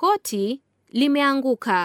Koti limeanguka.